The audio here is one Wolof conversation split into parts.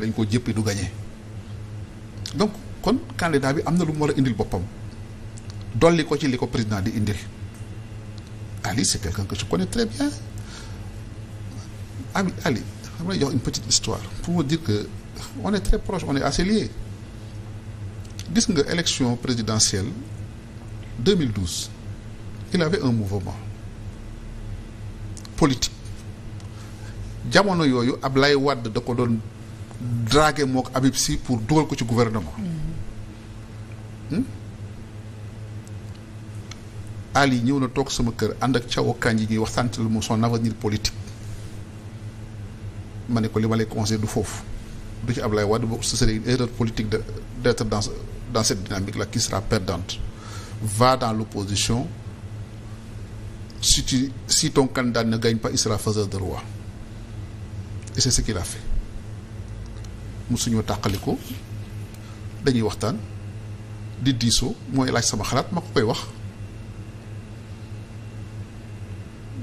dañ ko jëpp du gagné donc kon candidat bi am na lu mu war a indil boppam dolli ko ci li ko président di indil Ali c'est quelqu'un que je connais très bien Ali Ali xam nga jox une petite histoire pour vous dire que on est très proche on est assez liés gis nga élection présidentielle il avait un mouvement politique jamono yooyu Ablaye Wade da ko doon dragué mook Habib Sy pour dugal ko ci gouvernement. Hmm? Ali ñëw na toog sama kër ànd ak Thiaw Kandji ñuy waxtaan ci lu son avenir politique ma ne ko li ma lay conseillé du foofu du ci Ablaye Wade boobu ce serait une erreur politique de d' dans dans cette dynamique là qui sera va dans l'opposition si tu si ton candidat ne gagne pas il sera de roi et ce qu'il a fait. musuñoo tàqaliko dañuy waxtaan di diisoo mooy laaj sama xalaat ma ko koy wax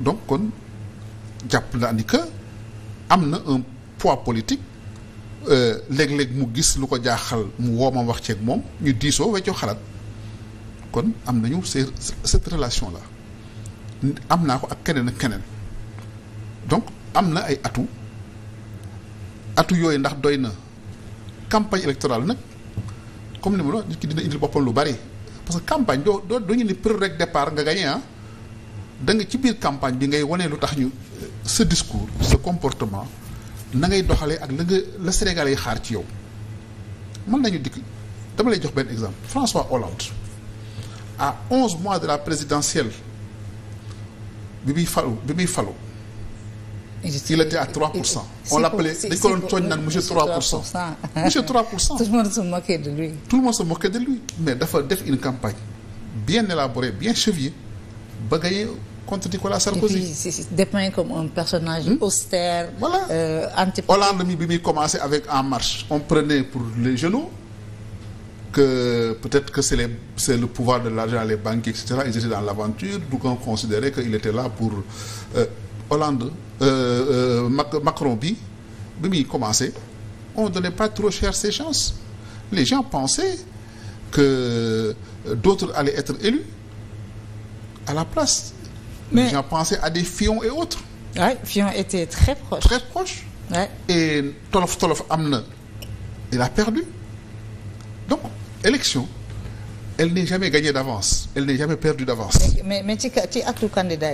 donc kon jàpp naa ni que am na un poids politique euh, léeg-léeg mu gis lu ko jaaxal mu woo ma wax ceeg moom ñu diisoo weccoo xalaat kon am nañu ces cette relation là am naa ko ak keneen ak keneen donc am na ay atu atu yooyu ndax doy na campagne électorale nag comme ni mu la nit ki dina indil boppam lu bari parce que campagne doo doo doo ñu ni prix rek départ nga gagné ah da nga ci biir campagne bi ngay wane lu tax ñu euh, sa discours sa comportement na ngay doxalee ak la nga la Sénégalais yi xaar ci yow mën nañu dikk dama lay jox benn exemple François Hollande à onze mois de la présidentielle bi muy falu bi muy falu il était à 3 pour cent. on l'appelait dañ ko doon tooñ naan monsieur 3 pour cent. monsieur 3 pour cent. tout le monde se moquait de lui. tout le monde se moquait de lui. mais dafa def une campagne bien élaborée bien chevillée ba gagné contre Nicolas Sarkozy. et puis c'est dépeint comme un personnage hmm? austère. Hollande euh, mi bi muy commencé avec En Marche. on prenait pour les genoux que peut-être que c'est les le pouvoir de l'argent les banques et cetera ils étaient dans il était là pour euh, Euh, euh, Macron bi bi muy commencé on donnait pas trop cher ses chances les gens pensaient que euh, d'autres allaient être élus à la place. mais les gens pensaient à des Fillon et autres. oui était très proche. et tolof tolof am na il a perdu donc élection elle n'est jamais gagnée d'avance elle n'est jamais perdue d'avance. mais mais ci candidat